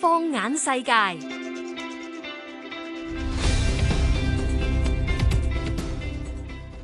放眼世界。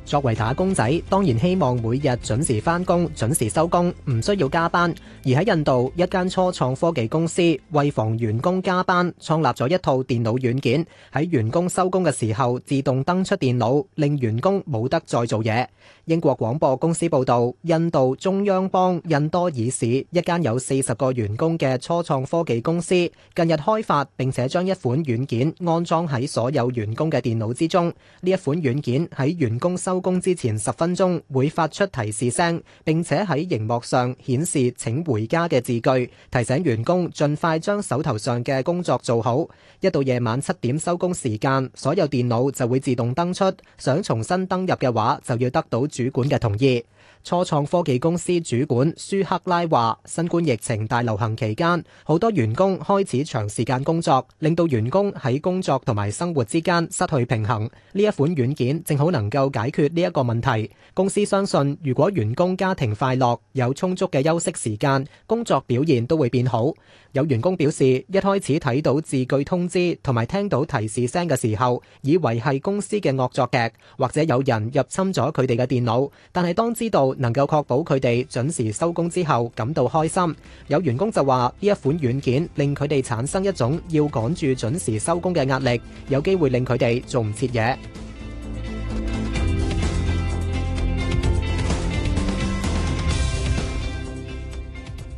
作為打工仔，當然希望每日準時翻工、準時收工，唔需要加班。而喺印度，一間初創科技公司為防員工加班，創立咗一套電腦軟件，喺員工收工嘅時候自動登出電腦，令員工冇得再做嘢。英國廣播公司報道，印度中央邦印多爾市一間有四十個員工嘅初創科技公司，近日開發並且將一款軟件安裝喺所有員工嘅電腦之中。呢一款軟件喺員工收收工之前十分鐘會發出提示聲，並且喺熒幕上顯示請回家嘅字句，提醒員工盡快將手頭上嘅工作做好。一到夜晚七點收工時間，所有電腦就會自動登出，想重新登入嘅話，就要得到主管嘅同意。初創科技公司主管舒克拉話，新冠疫情大流行期間，好多員工開始長時間工作，令到員工喺工作同埋生活之間失去平衡。呢一款軟件正好能夠解決呢一個問題。公司相信，如果員工家庭快樂，有充足嘅休息時間，工作表現都會變好。有員工表示，一開始睇到字句通知同埋聽到提示聲嘅時候，以為係公司嘅惡作劇，或者有人入侵咗佢哋嘅電腦。但係當知道能夠確保佢哋準時收工之後感到開心。有員工就話，呢一款軟件令佢哋產生一種要趕住準時收工嘅壓力，有機會令佢哋做唔切嘢。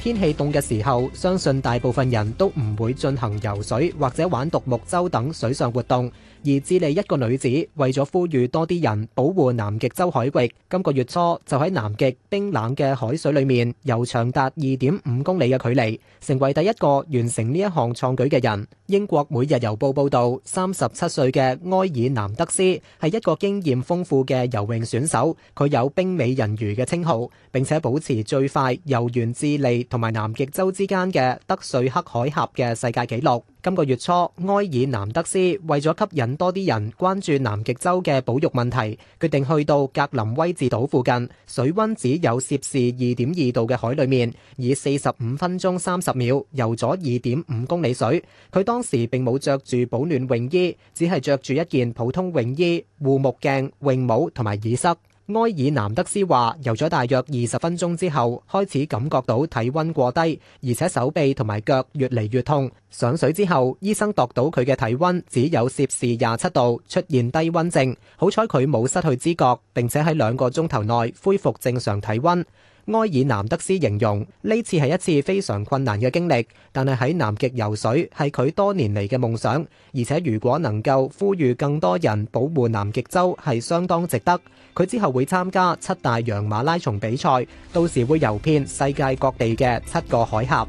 天氣凍嘅時候，相信大部分人都唔會進行游水或者玩獨木舟等水上活動。而智利一個女子為咗呼籲多啲人保護南極洲海域，今個月初就喺南極冰冷嘅海水裏面游長達二點五公里嘅距離，成為第一個完成呢一項創舉嘅人。英國每日郵報報道，三十七歲嘅埃爾南德斯係一個經驗豐富嘅游泳選手，佢有冰美人魚嘅稱號，並且保持最快游完智利。同埋南極洲之間嘅德瑞克海峽嘅世界紀錄。今個月初，埃爾南德斯為咗吸引多啲人關注南極洲嘅保育問題，決定去到格林威治島附近，水溫只有攝氏二點二度嘅海裡面，以四十五分鐘三十秒游咗二點五公里水。佢當時並冇着住保暖泳衣，只係着住一件普通泳衣、護目鏡、泳帽同埋耳塞。埃爾南德斯話：游咗大約二十分鐘之後，開始感覺到體溫過低，而且手臂同埋腳越嚟越痛。上水之後，醫生度到佢嘅體溫只有攝氏廿七度，出現低溫症。好彩佢冇失去知覺，並且喺兩個鐘頭內恢復正常體溫。埃爾南德斯形容呢次係一次非常困難嘅經歷，但係喺南極游水係佢多年嚟嘅夢想，而且如果能夠呼籲更多人保護南極洲係相當值得。佢之後會參加七大洋馬拉松比賽，到時會游遍世界各地嘅七個海峽。